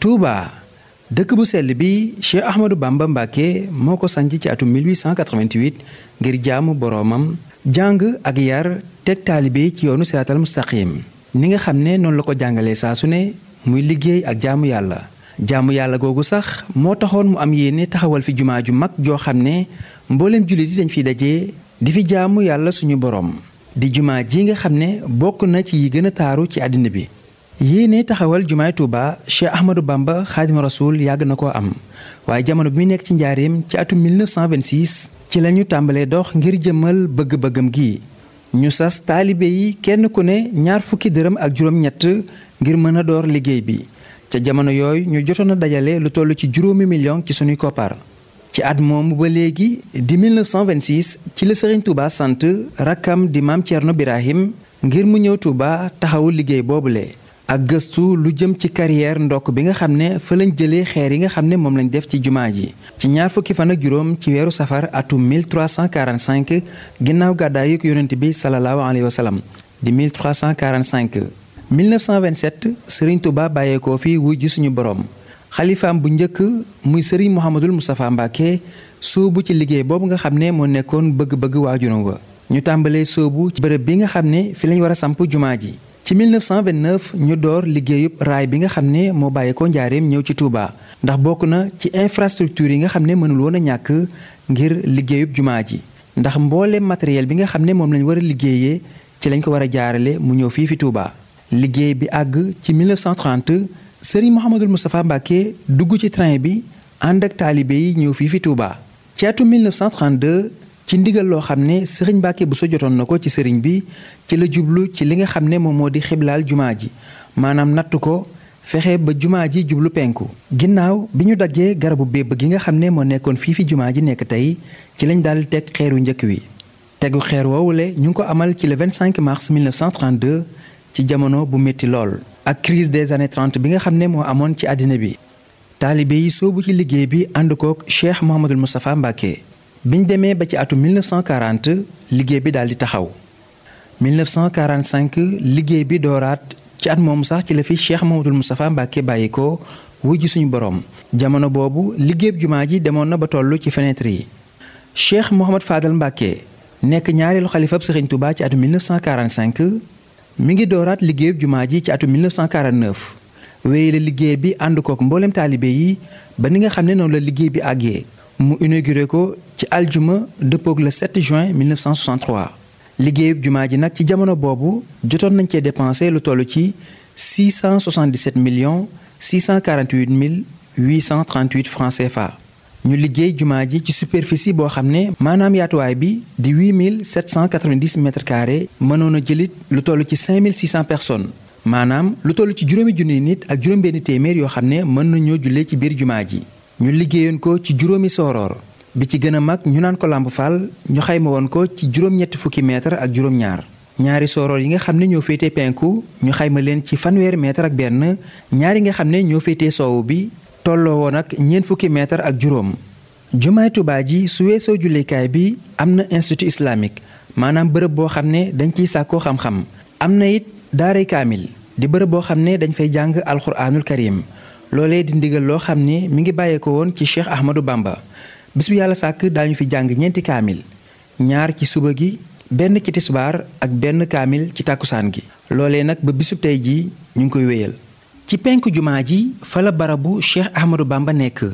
Touba dëkk bu sell bi Cheikh Ahmadou Bamba Mbacke moo ko sanc ci atum 1888 ngir jaamu boroomam jàng ak yar teg taalibe ci yoonu siraatal mustaqim ni nga xam ne noonu la ko jàngalee saa su ne muy liggéey ak jaamu yàlla jaamu yàlla googu sax moo taxoon mu am yéene taxawal fi jumaa ju mag joo xam ne mbooleem jullit yi dañ fiy daje di fi jaamu yàlla suñu boroom di jumaa ji nga xam ne bokk na ci yi gën a taaru ci àddina bi yéene taxawal jumaay Touba Cheikh Ahmadou Bamba Xaadimu Rasuul yàgg na koo am waaye jamono bi muy nekk ci njaareem ci atum 1926 ci la ñu tàmbalee dox ngir jëmal bëgg-bëggam gi ñu sas taalibe yi kenn ku ne ñaar fukki dërëm ak juróom-ñett ngir mën a door liggéey bi ca jamono yooyu ñu jotoon a dajale lu toll ci juróomi million ci sunuy koppar. ci at moomu ba léegi di 1926 ci la Serigne Touba sant rakkam di maam Thierno Birahim ngir mu ñëw Touba taxawul liggéey boobule. ak gëstu lu jëm ci carrière ndokk bi nga xam ne fa lañ jëlee xeer yi nga xam ne moom lañ def ci jumaa ji ci ñaar fukki fan ak juróom ci weeru safar atum 1345 ginnaaw gàddaay ak yonent bi salallaahu alayhi wa salaam di 1345 1927 Serigne Touba bàyyeekoo fi wujj suñu borom xalifaam bu njëkk muy Serigne Mouhamadul Moustapha Mbacke sóobu ci liggéey boobu nga xam ne moo nekkoon bëgg-bëgg waajuram wa ñu tàmbalee sóobu ci bërëb bi nga xam ne fi lañ war a samp jumaa ji ci 1929 ñu door liggéeyub raay bi nga xam ne moo bàyyeekoo njaareem ñëw ci Touba ndax bokk na ci infrastructure yi nga xam ne mënul woon ñàkk ngir liggéeyub jumaa ji ndax mboole matériel bi nga xam ne moom lañ war a liggéeyee ci lañ ko war a jaarale mu ñëw fii fi Touba. liggéey bi àgg ci 1930 Serigne Mouhamadul Moustapha Mbacke dugg ci train bi ànd ak taalibe yi ñëw fii fi Touba ci atum 1932. ci ndigal loo xam ne sëriñ Mbacke bu so jotoon na ko ci sëriñ bi ci la jublu ci li nga xam ne moom moo di xiblaal jumaa ji maanaam natt ko fexe ba jumaa ji jublu penku. ginnaaw bi ñu daggee garabu bébb gi nga xam ne moo nekkoon fii fi jumaa ji nekk tey ci lañ daal teg xeeru njëkk wi. tegu xeer woowule ñu ngi ko amal ci le 25 mars 1932 ci jamono bu métti lool. ak crise des années 30 bi nga xam ne moo amoon ci àddina bi. taalibe yi soobu ci liggéey bi ànd kook Cheikh Mouhamadul Moustapha biñ demee ba ci atum 1940 liggéey bi daal di taxaw 1945 liggéey bi dooraat ci at moomu sax ci la fi Cheikh Mamadul Moustapha Mbacke bàyyi ko wuy ji suñu borom. jamono boobu liggéey jumaa ji demoon na ba toll ci fenêtre yi. Cheikh Mouhamad Fadal Mbacke nekk ñaareelu xalifab Serigne Touba ci atum 1945 mi ngi dooraat liggéey jumaa ji ci atum 1949. wéye la liggéey bi ànd kook mboolem taalibe yi ba ni nga xam ne noonu la liggéey bi àggee mu inauguré ko ci aljuma dëppoog le 7 juin 1963 liggéeyub jumaa ji nag ci jamono boobu jotoon nañ cee dépensé lu toll ci 677 millions 648 mille 838 francs CFA. ñu liggéey jumaa ji ci superficie boo xam ne maanaam yaatuwaay bi di 8790 mètres carrés mënoon a jëlit lu toll ci 5600 personnes maanaam lu toll ci juróomi junniy nit ak juróom benn téeméer yoo xam ne mën nañoo jullee ci biir jumaa ji ñu liggéeyoon ko ci juróomi sooroor bi ci gën a mag ñu naan ko làmb fal ñu xayma woon ko ci juróom fukki mètre ak juróom-ñaar ñaari sooroor yi nga xam ne ñoo féetee penku ñu xayma leen ci fanweeri mètre ak benn ñaari nga xam ne ñoo féetee soowu bi tolloo woon ak ñeent fukki mètre ak juróom. jumaay Tuubaa ji su weesoo jullikaay bi am na institut islamique maanaam bërëb boo xam ne dañ ciy sàkkoo xam-xam am na it daaray kaamil di bërëb boo xam ne dañ fay jàng alxuraanul karim loolee di ndigal loo xam ne mi ngi bàyyeekoo woon ci Cheikh Ahmadou Bamba. bis yàlla sàkk daañu fi jàng ñeenti kaamil ñaar ci suba gi benn ci tisbaar ak benn kaamil ci tàkkusaan gi loolee nag ba bisub tey ji ñu ngi koy wéyal ci penk jumaa ji fala la barabu Cheikh Ahmadou Bamba nekk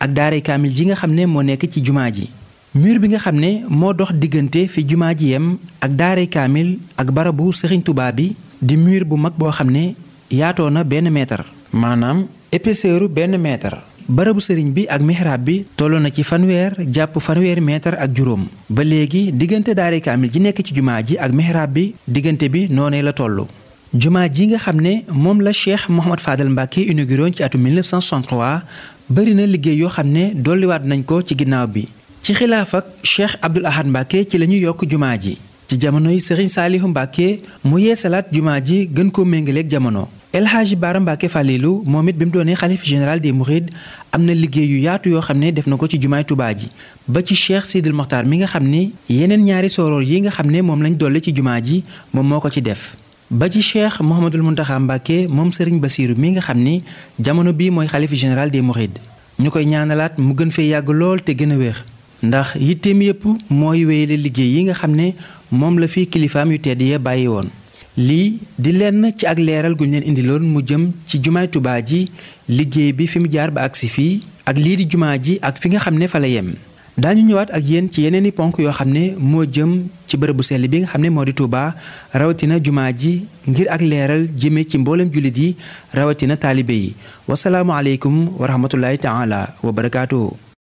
ak daaray kaamil ji nga xam ne moo nekk ci jumaa ji mur bi nga xam ne moo dox diggante fi jumaa ji yem ak daaray kaamil ak barabu Serigne Touba bi di mur bu mag boo xam ne yaatoo na benn meetar maanaam épaisseur benn meetar barabu sëriñ bi ak mihrab bi toll na ci fanweer jàpp fanweeri meetar ak juróom ba léegi diggante daare kaamil ji nekk ci jumaa ji ak mihrab bi diggante bi noonee la toll jumaa ji nga xam ne moom la cheikh Mouhamad Fadel Mbacke inauguré woon ci atum 1963 bëri na liggéey yoo xam ne dolliwaat nañ ko ci ginnaaw bi ci xilaaf ak cheikh Abdoul Ahad Mbacke ci la ñu yokk jumaa ji ci jamonoy sëriñ Saalihu Mbacke mu yeesalaat jumaa ji gën koo méngaleeg jamono El Hadji Bara Mbacké Falilou moom it bi mu doonee xalif général des Mourides am na liggéey yu yaatu yoo xam ne def na ko ci jumaay Touba ji ba ci Cheikh Sidil Mokhtar mi nga xam ne yeneen ñaari sooroor yi nga xam ne moom lañ dolle ci jumaa ji moom moo ko ci def ba ci Cheikh Mouhamadul Mountakha Mbacké moom Serigne Bassirou mi nga xam ne jamono bii mooy xalif général des Mourides ñu koy ñaanalaat mu gën fee yàgg lool te gën a wéex ndax yitteem yépp mooy wéyale liggéey yi nga xam ne moom la fi kilifaam yu tedd ya bàyyi woon lii di lenn ci ak leeral gu ñu leen indiloon mu jëm ci jumaay Tuubaa ji liggéey bi fi mu jaar ba agsi fii ak lii di jumaa ji ak fi nga xam ne fa yem daañu ñëwaat ak yéen ci yeneen i ponk yoo xam ne moo jëm ci bërëbu sell bi nga xam ne moo di Tuubaa rawatina jumaa ji ngir ak leeral jëme ci mboolem jullit yi rawatina taalibe yi wasalaamualeykum wa rahmatullahi taala wa barakaatu.